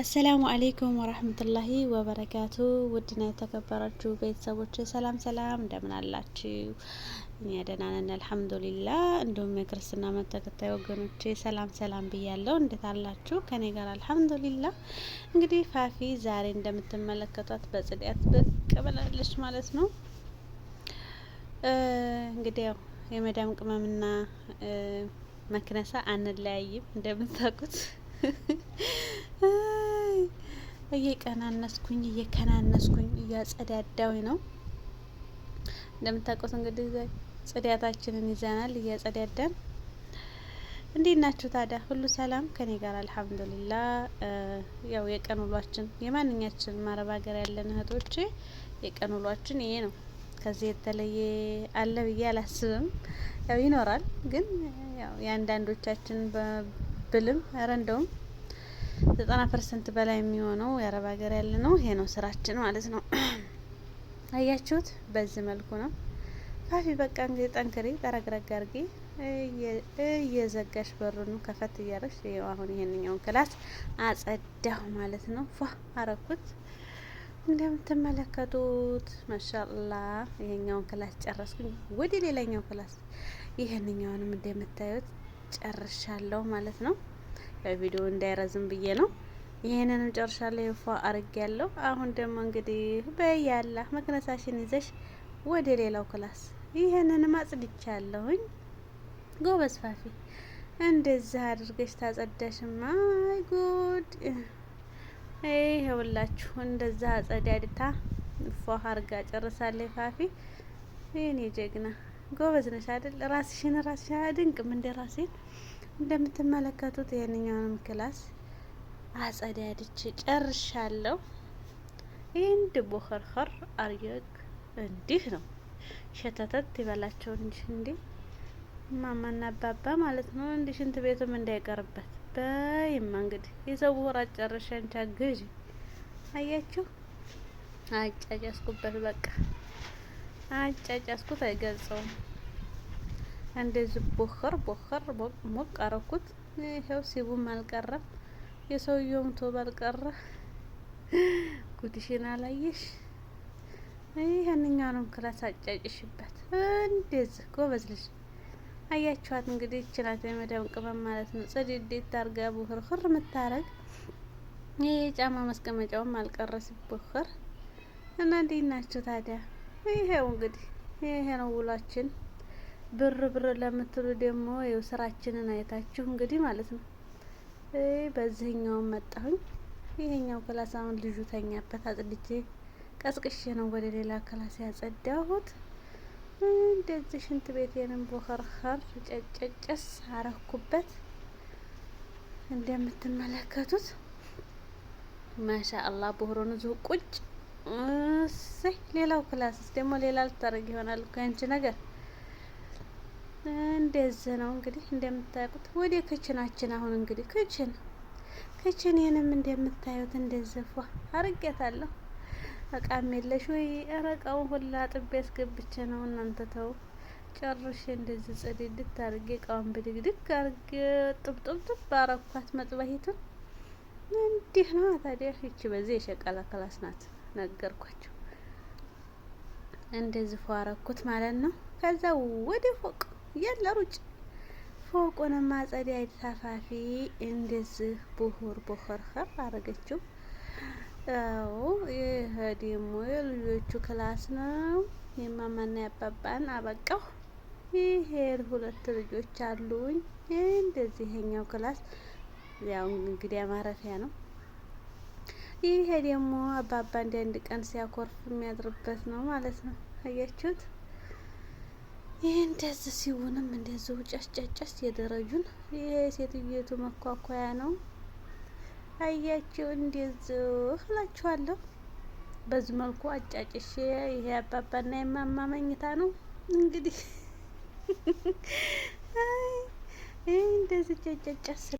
አሰላሙ አሌይኩም ወራህመቱላሂ ወበረካቱ። ውድና የተከበራችሁ ቤተሰቦች ሰላም ሰላም፣ እንደምን አላችሁ? እኛ ደህና ነን አልሐምዱሊላ። እንዲሁም የክርስትና እምነት ተከታይ ወገኖቼ ሰላም ሰላም ብያለሁ። እንዴት አላችሁ? ከኔ ጋር አልሐምዱሊላ። እንግዲህ ፋፊ ዛሬ እንደምትመለከቷት በጽዳት ብቅ ብላለች ማለት ነው። እንግዲህ ያው የመዳም ቅመምና መክነሳ አንለያይም እንደምታውቁት እየቀናነስኩኝ እየከናነስኩኝ እያጸዳዳዊ ነው። እንደምታውቁት እንግዲህ ጽዳታችንን ይዘናል እያጸዳዳን እንዴት ናችሁ ታዲያ? ሁሉ ሰላም ከኔ ጋር አልሐምዱሊላ። ያው የቀን ውሏችን የማንኛችን ማረብ ሀገር ያለን እህቶቼ የቀን ውሏችን ይሄ ነው። ከዚህ የተለየ አለ ብዬ አላስብም። ያው ይኖራል ግን ያው የአንዳንዶቻችን ብልም ኧረ እንደውም ዘጠና ፐርሰንት በላይ የሚሆነው የአረብ ሀገር ያለ ነው። ይሄ ነው ስራችን ማለት ነው። አያችሁት? በዚህ መልኩ ነው ፋፊ። በቃ እንግዲህ ጠንክሪ፣ ጠረግረግ አርጊ። እየዘጋሽ በሩን ከፈት እያረሽ አሁን ይሄንኛውን ክላስ አጸዳሁ ማለት ነው። ፏ አረኩት እንደምትመለከቱት ማሻላ ይሄኛውን ክላስ ጨረስኩኝ። ወደ ሌላኛው ክላስ ይሄንኛውንም እንደምታዩት ጨርሻለሁ ማለት ነው። ቪዲዮ እንዳይረዝም ብዬ ነው። ይህንንም ጨርሻለሁ። ይፋ አርግ ያለው አሁን ደግሞ እንግዲህ በያላ መክነሳሽን ይዘሽ ወደ ሌላው ክላስ ይህንንም አጽድቻለሁኝ። ጎበዝ ፋፊ እንደዚህ አድርገሽ ታጸዳሽማ። አይ ጉድ! ይሄውላችሁ እንደዛ አጸዳድታ ፎ አርጋ ጨርሳለች ፋፊ። የኔ ጀግና ጎበዝ ነሽ አይደል? ራስሽን ራስሽ አድንቅም እንደ ራሴን እንደምትመለከቱት ይህንኛውንም ክላስ አጸዳድቼ ጨርሻለሁ። ይህንድ ቦኸርኸር አርየግ እንዲህ ነው ሸተተት ይበላቸው እንጂ እንዲ ማማና አባባ ማለት ነው። እንዲ ሽንት ቤቱም እንዳይቀርበት በይማ እንግዲህ የሰው ሆራ ጨርሸን ቻግዥ አያችሁ፣ አጫጫስኩበት በቃ አጫጫስኩት አይገልጸውም። እንደዚህ ቦኸር ቦኸር ሞቅ አረኩት። ይኸው ሲቡም አልቀረ የሰውየውም ቶብ አልቀረ። ጉድሽን አላየሽ? ይህንኛውንም ክላስ አጫጭሽበት። እንደዚህ ጎበዝ ልጅ አያችኋት። እንግዲህ ይችላት የመዳም ቅመም ማለት ነው። ጽድዴት አርጋ ቡክርክር ምታረግ። ይህ የጫማ ማስቀመጫውም አልቀረ ሲቦክር እና እንዴት ናቸው ታዲያ? ይሄው እንግዲህ ይሄ ነው ውሏችን። ብር ብር ለምትሉ ደግሞ ይኸው ስራችንን አይታችሁ እንግዲህ ማለት ነው። በዚህኛው መጣሁኝ። ይሄኛው ክላስ አሁን ልጁ ተኛበት አጽድቼ ቀስቅሼ ነው ወደ ሌላ ክላስ ያጸዳሁት። እንደዚህ ሽንት ቤቴንም ቦኸርኸር ጨጨጨስ አረኩበት። እንደምትመለከቱት ማሻ አላህ በሆሮኑ ዙ ቁጭ ሌላው ክላስ ደግሞ ሌላ ልታደርግ ይሆናል ከንቺ ነገር እንደዚህ ነው እንግዲህ እንደምታውቁት ወደ ክችናችን አሁን እንግዲህ ክችን ይህንም እንደምታዩት እንደዚህ ፏ አርጌታለሁ። እቃም የለሽ ወይ እረቀው ሁላ ጥቤ አስገብቼ ነው እናንተ ተው ጨርሼ እንደዚህ ጽድድት አርጌ እቃውን ብድግድግ አርጌ ጥብጥብጥብ አረኳት መጥበሂቱን እንዲህ ነው ታዲያ። ይቺ በዚህ የሸቀላ ክላስ ናት ነገርኳቸው። እንደዚህ ፏ አረኩት ማለት ነው። ከዛ ወደ ፎቅ የለ ሩጭ ፎቁን ማጸዲያ ሰፋፊ እንደዚህ ቡሁር ቡሁር ህር አረገችው። ያው ይህ ደግሞ የልጆቹ ክላስ ነው። የማማና ያባባን አበቃሁ። ይሄ ሁለት ልጆች አሉኝ። እንደዚህ ይሄኛው ክላስ ያው እንግዲያ ማረፊያ ነው። ይሄ ደግሞ አባባ እንደ አንድ ቀን ሲያኮርፍ የሚያድርበት ነው ማለት ነው። አያችሁት? ይህ እንደዚህ ሲሆንም እንደዚሁ ጨስጨጨስ የደረጁን ይሄ ሴትየቱ መኳኳያ ነው። አያቸው እንደዚሁ እላችኋለሁ። በዚህ መልኩ አጫጭሽ ይሄ አባባና የማማ መኝታ ነው እንግዲህ እንደዚህ ጨጨጨስ